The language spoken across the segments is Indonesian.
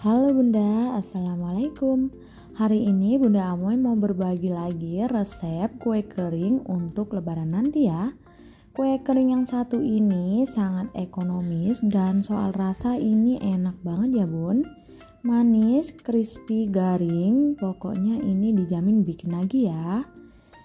Halo Bunda, Assalamualaikum Hari ini Bunda Amoy mau berbagi lagi resep kue kering untuk lebaran nanti ya Kue kering yang satu ini sangat ekonomis dan soal rasa ini enak banget ya bun Manis, crispy, garing, pokoknya ini dijamin bikin lagi ya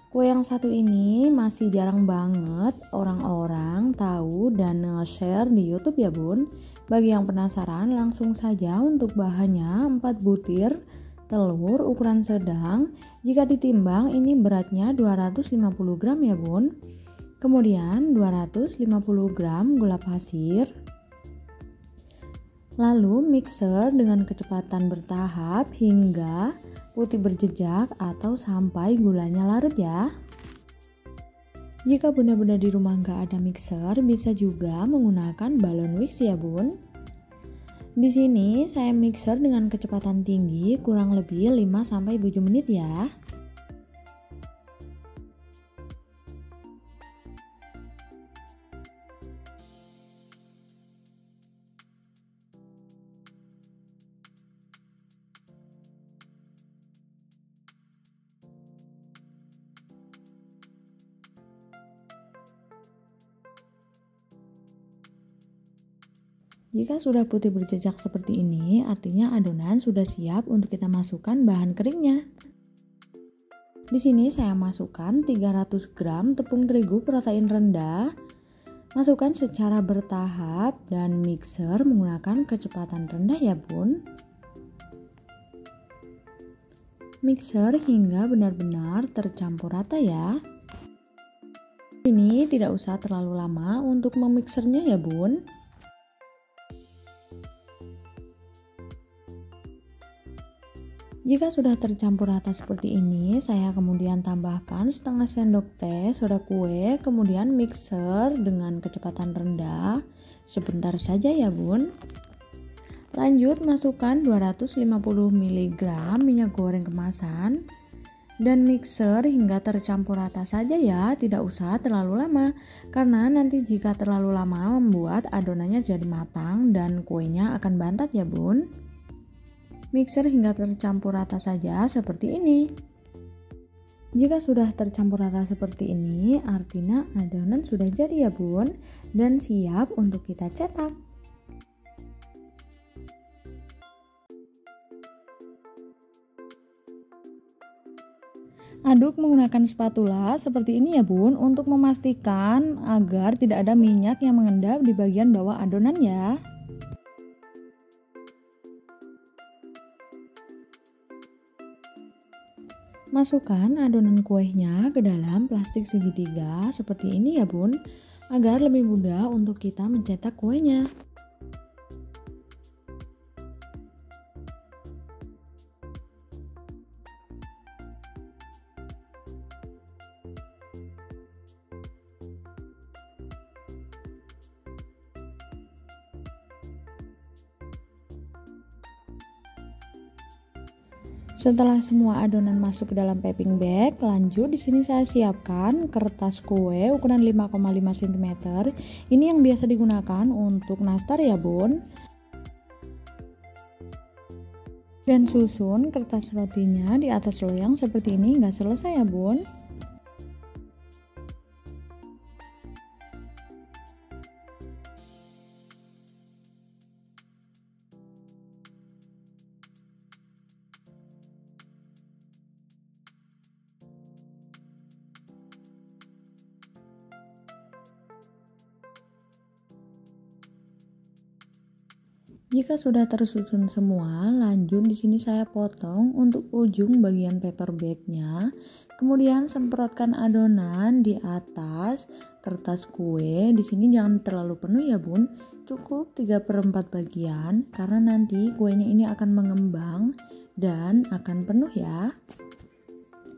Kue yang satu ini masih jarang banget orang-orang tahu dan nge-share di YouTube ya, Bun. Bagi yang penasaran, langsung saja untuk bahannya 4 butir telur ukuran sedang. Jika ditimbang ini beratnya 250 gram ya bun. Kemudian 250 gram gula pasir. Lalu mixer dengan kecepatan bertahap hingga putih berjejak atau sampai gulanya larut ya. Jika benar-benar di rumah nggak ada mixer, bisa juga menggunakan balon wicks ya bun. Di sini saya mixer dengan kecepatan tinggi kurang lebih 5-7 menit ya. Jika sudah putih berjejak seperti ini, artinya adonan sudah siap untuk kita masukkan bahan keringnya. Di sini saya masukkan 300 gram tepung terigu protein rendah. Masukkan secara bertahap dan mixer menggunakan kecepatan rendah ya bun. Mixer hingga benar-benar tercampur rata ya. Ini tidak usah terlalu lama untuk memixernya ya bun. Jika sudah tercampur rata seperti ini, saya kemudian tambahkan setengah sendok teh soda kue, kemudian mixer dengan kecepatan rendah. Sebentar saja ya bun. Lanjut masukkan 250 mg minyak goreng kemasan dan mixer hingga tercampur rata saja ya, tidak usah terlalu lama karena nanti jika terlalu lama membuat adonannya jadi matang dan kuenya akan bantat ya bun. Mixer hingga tercampur rata saja seperti ini. Jika sudah tercampur rata seperti ini, artinya adonan sudah jadi ya bun dan siap untuk kita cetak. Aduk menggunakan spatula seperti ini ya bun untuk memastikan agar tidak ada minyak yang mengendap di bagian bawah adonan ya. Masukkan adonan kuenya ke dalam plastik segitiga seperti ini ya bun, agar lebih mudah untuk kita mencetak kuenya. Setelah semua adonan masuk ke dalam piping bag, lanjut di sini saya siapkan kertas kue ukuran 5,5 cm. Ini yang biasa digunakan untuk nastar ya, Bun. Dan susun kertas rotinya di atas loyang seperti ini, nggak selesai ya, Bun. Jika sudah tersusun semua, lanjut di sini saya potong untuk ujung bagian paper bagnya. Kemudian semprotkan adonan di atas kertas kue. Di sini jangan terlalu penuh ya bun, cukup 3 per 4 bagian karena nanti kuenya ini akan mengembang dan akan penuh ya.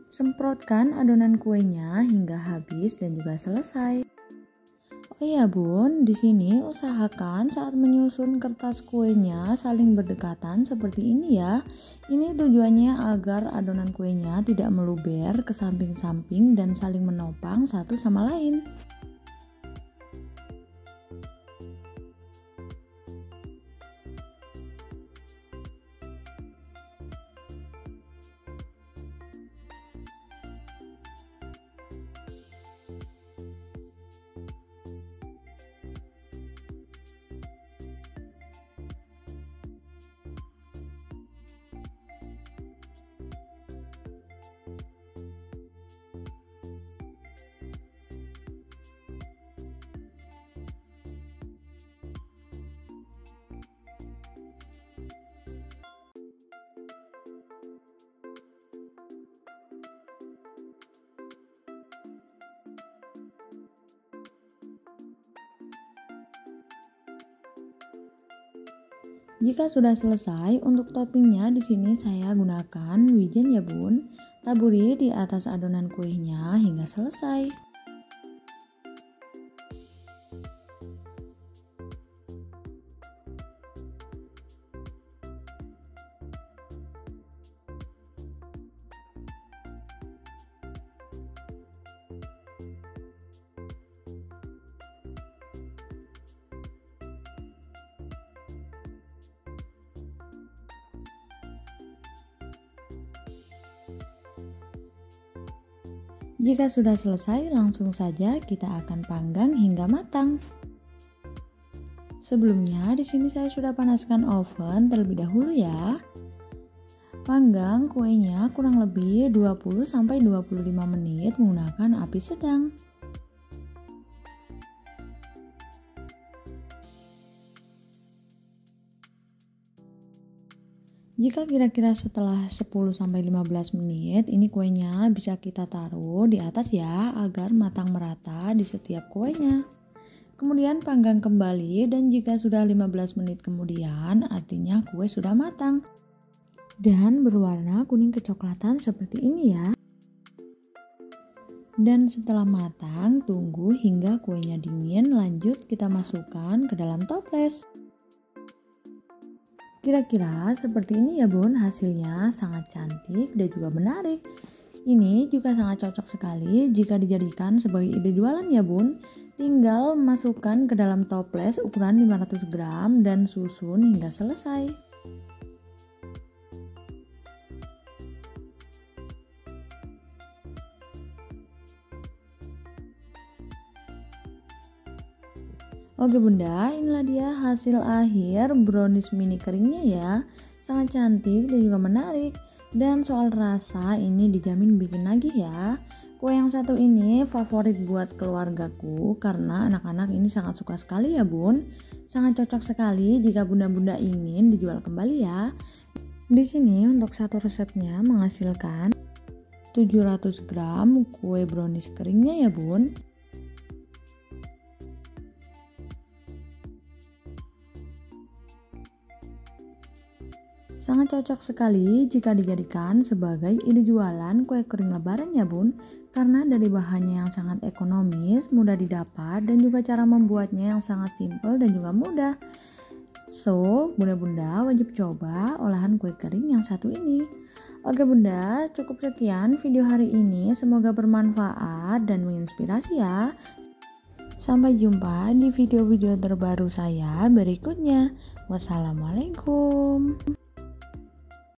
Semprotkan adonan kuenya hingga habis dan juga selesai. Iya bun, di sini usahakan saat menyusun kertas kuenya saling berdekatan seperti ini ya. Ini tujuannya agar adonan kuenya tidak meluber ke samping-samping dan saling menopang satu sama lain. Jika sudah selesai, untuk toppingnya di sini saya gunakan wijen ya bun. Taburi di atas adonan kuenya hingga selesai. Jika sudah selesai, langsung saja kita akan panggang hingga matang. Sebelumnya, di sini saya sudah panaskan oven terlebih dahulu ya. Panggang kuenya kurang lebih 20 25 menit menggunakan api sedang. Jika kira-kira setelah 10-15 menit, ini kuenya bisa kita taruh di atas ya agar matang merata di setiap kuenya. Kemudian panggang kembali dan jika sudah 15 menit kemudian artinya kue sudah matang. Dan berwarna kuning kecoklatan seperti ini ya. Dan setelah matang, tunggu hingga kuenya dingin, lanjut kita masukkan ke dalam toples. Kira-kira seperti ini ya bun, hasilnya sangat cantik dan juga menarik. Ini juga sangat cocok sekali jika dijadikan sebagai ide jualan ya bun. Tinggal masukkan ke dalam toples ukuran 500 gram dan susun hingga selesai. Oke bunda, inilah dia hasil akhir brownies mini keringnya ya. Sangat cantik dan juga menarik. Dan soal rasa ini dijamin bikin lagi ya. Kue yang satu ini favorit buat keluargaku karena anak-anak ini sangat suka sekali ya bun. Sangat cocok sekali jika bunda-bunda ingin dijual kembali ya. Di sini untuk satu resepnya menghasilkan 700 gram kue brownies keringnya ya bun. Sangat cocok sekali jika dijadikan sebagai ide jualan kue kering lebaran ya bun, karena dari bahannya yang sangat ekonomis, mudah didapat, dan juga cara membuatnya yang sangat simple dan juga mudah. So, bunda-bunda wajib coba olahan kue kering yang satu ini. Oke bunda, cukup sekian video hari ini. Semoga bermanfaat dan menginspirasi ya. Sampai jumpa di video-video terbaru saya berikutnya. Wassalamualaikum.